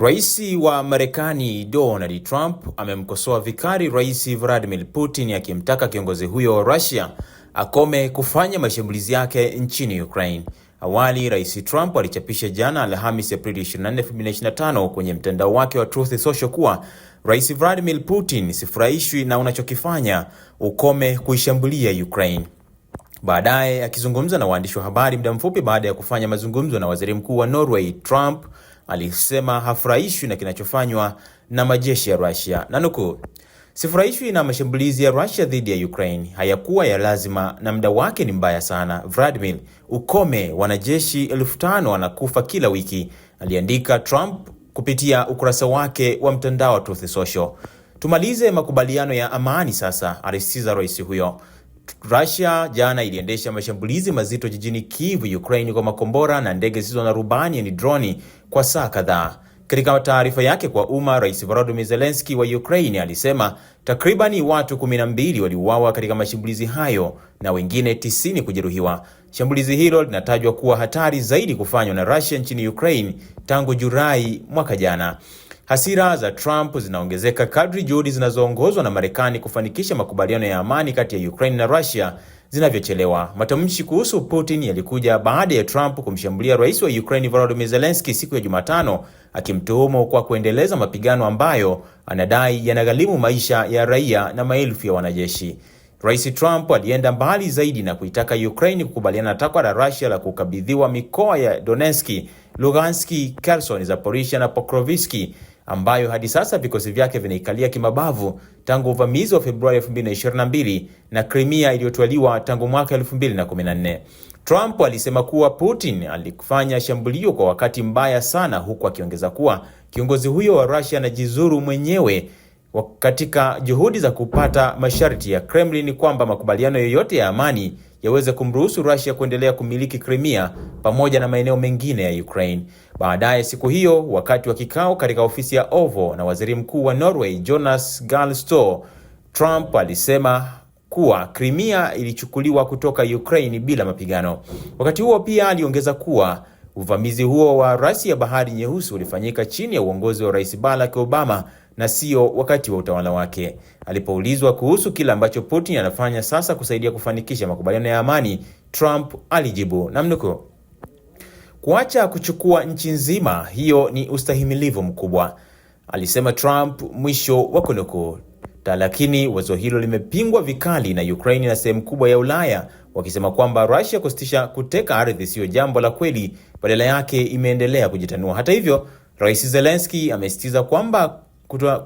Rais wa Marekani Donald Trump amemkosoa vikali Rais Vladimir Putin akimtaka kiongozi huyo wa Russia akome kufanya mashambulizi yake nchini Ukraine. Awali, Rais Trump alichapisha jana Alhamisi Aprili 24, 2025 kwenye mtandao wake wa Truth Social kuwa Rais Vladimir Putin, sifurahishwi na unachokifanya, ukome kuishambulia Ukraine. Baadaye akizungumza na waandishi wa habari muda mfupi baada ya kufanya mazungumzo na Waziri Mkuu wa Norway, Trump alisema hafurahishwi na kinachofanywa na majeshi ya Russia na sifurahishwi na mashambulizi ya Russia dhidi ya Ukraine, hayakuwa ya lazima na muda wake ni mbaya sana. Vladimir, ukome, wanajeshi elfu tano wanakufa kila wiki, aliandika Trump kupitia ukurasa wake wa mtandao wa Truth Social. Tumalize makubaliano ya amani sasa, alisisitiza rais huyo. Russia jana iliendesha mashambulizi mazito jijini Kyiv, Ukraine kwa makombora na ndege zisizo na rubani yani droni kwa saa kadhaa. Katika taarifa yake kwa umma, Rais Volodymyr Zelensky wa Ukraine alisema takribani watu 12 waliuawa katika mashambulizi hayo na wengine 90 kujeruhiwa. Shambulizi hilo linatajwa kuwa hatari zaidi kufanywa na Russia nchini Ukraine tangu Julai mwaka jana. Hasira za Trump zinaongezeka kadri juhudi zinazoongozwa na Marekani kufanikisha makubaliano ya amani kati ya Ukraine na Russia zinavyochelewa. Matamshi kuhusu Putin yalikuja baada ya Trump kumshambulia Rais wa Ukraine Volodymyr Zelensky siku ya Jumatano, akimtuhumu kwa kuendeleza mapigano ambayo anadai yanagharimu maisha ya raia na maelfu ya wanajeshi. Rais Trump alienda mbali zaidi na kuitaka Ukraine kukubaliana na takwa la Russia la kukabidhiwa mikoa ya Donetsk, Lugansk, Kherson, Zaporizhia na Pokrovsk ambayo hadi sasa vikosi vyake vinaikalia kimabavu tangu uvamizi wa Februari 2022 na Crimea iliyotwaliwa tangu mwaka 2014. Trump alisema kuwa Putin alifanya shambulio kwa wakati mbaya sana, huku akiongeza kuwa kiongozi huyo wa Russia anajizuru mwenyewe katika juhudi za kupata masharti ya Kremlin kwamba makubaliano yoyote ya amani yaweze kumruhusu Russia kuendelea kumiliki Crimea pamoja na maeneo mengine ya Ukraine. Baadaye siku hiyo, wakati wa kikao katika ofisi ya Oval na Waziri Mkuu wa Norway Jonas Gahr Store, Trump alisema kuwa Crimea ilichukuliwa kutoka Ukraine bila mapigano. Wakati huo pia aliongeza kuwa uvamizi huo wa Russia Bahari Nyeusi ulifanyika chini ya uongozi wa Rais Barack Obama na sio wakati wa utawala wake. Alipoulizwa kuhusu kile ambacho Putin anafanya sasa kusaidia kufanikisha makubaliano ya amani, Trump alijibu namnuko, kuacha kuchukua nchi nzima, hiyo ni ustahimilivu mkubwa, alisema Trump, mwisho wa kunukuu. Lakini wazo hilo limepingwa vikali na Ukraine na sehemu kubwa ya Ulaya, wakisema kwamba Russia kusitisha kuteka ardhi siyo jambo la kweli, badala yake imeendelea kujitanua. Hata hivyo, Rais Zelensky amesisitiza kwamba kutua,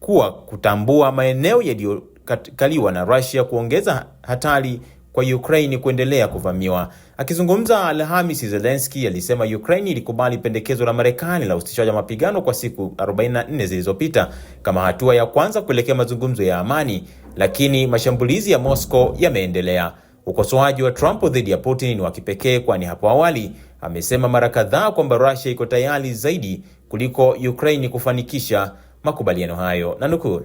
kuwa kutambua maeneo yaliyokaliwa na Russia kuongeza hatari kwa Ukraine kuendelea kuvamiwa. Akizungumza Alhamisi, Zelensky alisema Ukraine ilikubali pendekezo la Marekani la usitishaji wa mapigano kwa siku 44 zilizopita kama hatua ya kwanza kuelekea mazungumzo ya amani, lakini mashambulizi ya Moscow yameendelea. Ukosoaji wa Trump dhidi ya Putin ni wa kipekee, kwani hapo awali amesema mara kadhaa kwamba Russia iko tayari zaidi kuliko Ukraine kufanikisha makubaliano hayo, na nukuu,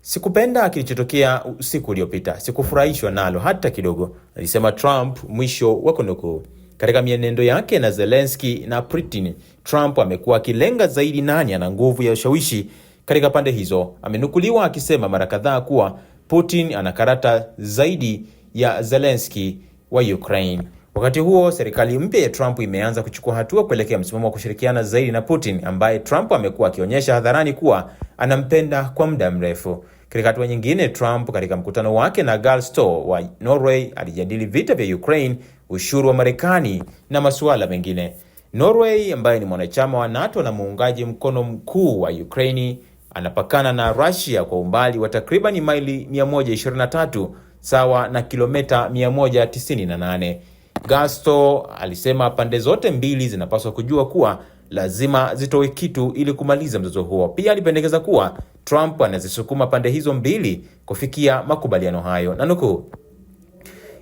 sikupenda kilichotokea usiku uliopita, sikufurahishwa nalo hata kidogo, alisema Trump, mwisho wa kunukuu. Katika mienendo yake na Zelensky na Putin, Trump amekuwa akilenga zaidi nani ana nguvu ya ushawishi katika pande hizo. Amenukuliwa akisema mara kadhaa kuwa Putin ana karata zaidi ya Zelensky wa Ukraine. Wakati huo serikali mpya ya Trump imeanza kuchukua hatua kuelekea msimamo wa kushirikiana zaidi na Putin, ambaye Trump amekuwa akionyesha hadharani kuwa anampenda kwa muda mrefu. Katika hatua nyingine, Trump katika mkutano wake na Gahr Store wa Norway alijadili vita vya Ukraine, ushuru wa Marekani na masuala mengine. Norway ambaye ni mwanachama wa NATO na muungaji mkono mkuu wa Ukraine anapakana na Russia kwa umbali wa takribani maili 123 sawa na kilomita 198. Gasto alisema pande zote mbili zinapaswa kujua kuwa lazima zitoe kitu ili kumaliza mzozo huo. Pia alipendekeza kuwa Trump anazisukuma pande hizo mbili kufikia makubaliano hayo, na nukuu,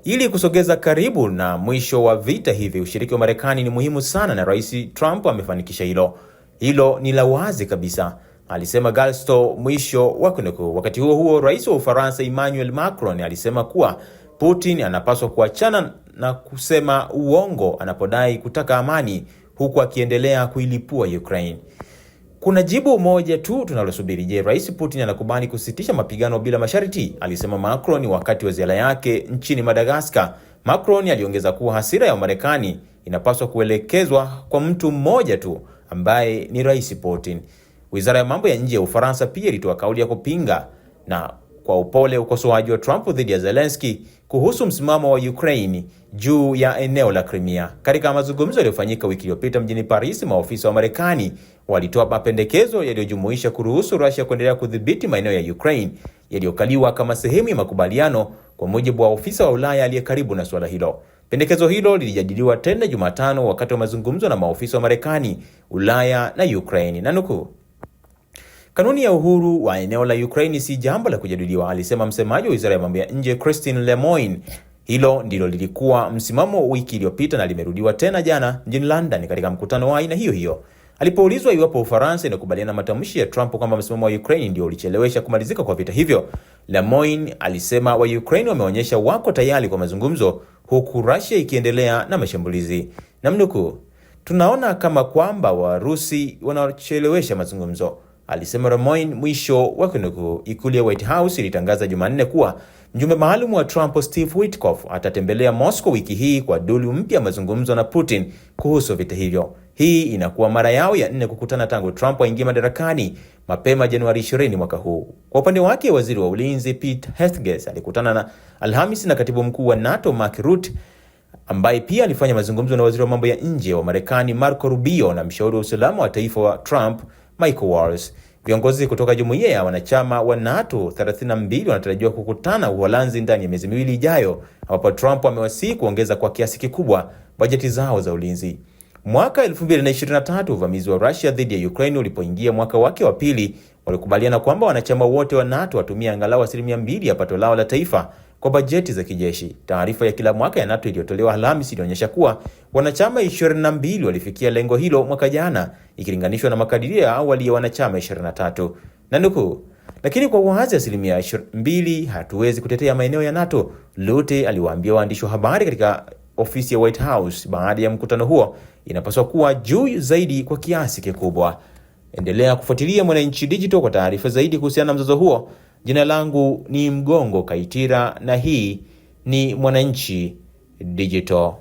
ili kusogeza karibu na mwisho wa vita hivi, ushiriki wa Marekani ni muhimu sana, na Rais Trump amefanikisha hilo. Hilo ni la wazi kabisa, alisema Galsto, mwisho wa kunukuu. Wakati huo huo, rais wa Ufaransa Emmanuel Macron alisema kuwa Putin anapaswa kuachana na kusema uongo anapodai kutaka amani huku akiendelea kuilipua Ukraine. Kuna jibu moja tu tunalosubiri. Je, Rais Putin anakubali kusitisha mapigano bila masharti? Alisema Macron wakati wa ziara yake nchini Madagascar. Macron aliongeza kuwa hasira ya Marekani inapaswa kuelekezwa kwa mtu mmoja tu ambaye ni Rais Putin. Wizara ya mambo ya nje ya Ufaransa pia ilitoa kauli ya kupinga na kwa upole ukosoaji wa Trump dhidi ya Zelensky kuhusu msimamo wa Ukraine juu ya eneo la Crimea. Katika mazungumzo yaliyofanyika wiki iliyopita mjini Paris, maofisa wa Marekani walitoa mapendekezo yaliyojumuisha kuruhusu Russia kuendelea kudhibiti maeneo ya Ukraine yaliyokaliwa kama sehemu ya makubaliano, kwa mujibu wa ofisa wa Ulaya aliye karibu na suala hilo. Pendekezo hilo lilijadiliwa tena Jumatano wakati wa mazungumzo na maofisa wa Marekani, Ulaya na Ukraine na nukuu Kanuni ya uhuru wa eneo la Ukraine si jambo la kujadiliwa, alisema msemaji wa Wizara ya Mambo ya Nje Christine Lemoine. Hilo ndilo lilikuwa msimamo wiki iliyopita na limerudiwa tena jana mjini London katika mkutano wa aina hiyo hiyo. Alipoulizwa iwapo Ufaransa inakubaliana na matamshi ya Trump kwamba msimamo wa Ukraine ndio ulichelewesha kumalizika kwa vita hivyo, Lemoine alisema wa Ukraine wameonyesha wako tayari kwa mazungumzo, huku Russia ikiendelea na mashambulizi. Namnukuu, tunaona kama kwamba Warusi wanachelewesha mazungumzo alisema Ramoin. Mwisho wa kunukuu. Ikulu ya White House ilitangaza Jumanne kuwa mjumbe maalum wa Trump Steve Witkoff atatembelea Moscow wiki hii kwa duru mpya ya mazungumzo na Putin kuhusu vita hivyo. Hii inakuwa mara yao ya nne kukutana tangu Trump aingie madarakani mapema Januari 20 mwaka huu. Kwa upande wake, waziri wa ulinzi Pete Hegseth alikutana na Alhamisi na katibu mkuu wa NATO Mark Rutte ambaye pia alifanya mazungumzo na waziri wa mambo ya nje wa Marekani Marco Rubio na mshauri wa usalama wa taifa wa Trump Michael Walls. Viongozi kutoka jumuiya ya wanachama wa NATO 32 wanatarajiwa kukutana Uholanzi ndani ya miezi miwili ijayo, ambapo Trump amewasihi kuongeza kwa kiasi kikubwa bajeti zao za ulinzi. Mwaka 2023 uvamizi wa Russia dhidi ya Ukraine ulipoingia mwaka wake wa pili, walikubaliana kwamba wanachama wote wa NATO watumia angalau asilimia mbili ya pato lao la taifa kwa bajeti za kijeshi. Taarifa ya kila mwaka ya NATO iliyotolewa Alhamisi ilionyesha kuwa wanachama 22 walifikia lengo hilo mwaka jana ikilinganishwa na makadirio ya awali ya wanachama 23. Nanuku, lakini kwa uwazi, asilimia 22 hatuwezi kutetea maeneo ya NATO, Lute aliwaambia waandishi wa habari katika ofisi ya White House baada ya mkutano huo, inapaswa kuwa juu zaidi kwa kiasi kikubwa. Endelea kufuatilia Mwananchi Digital kwa taarifa zaidi kuhusiana na mzozo huo. Jina langu ni Mgongo Kaitira na hii ni Mwananchi Digital.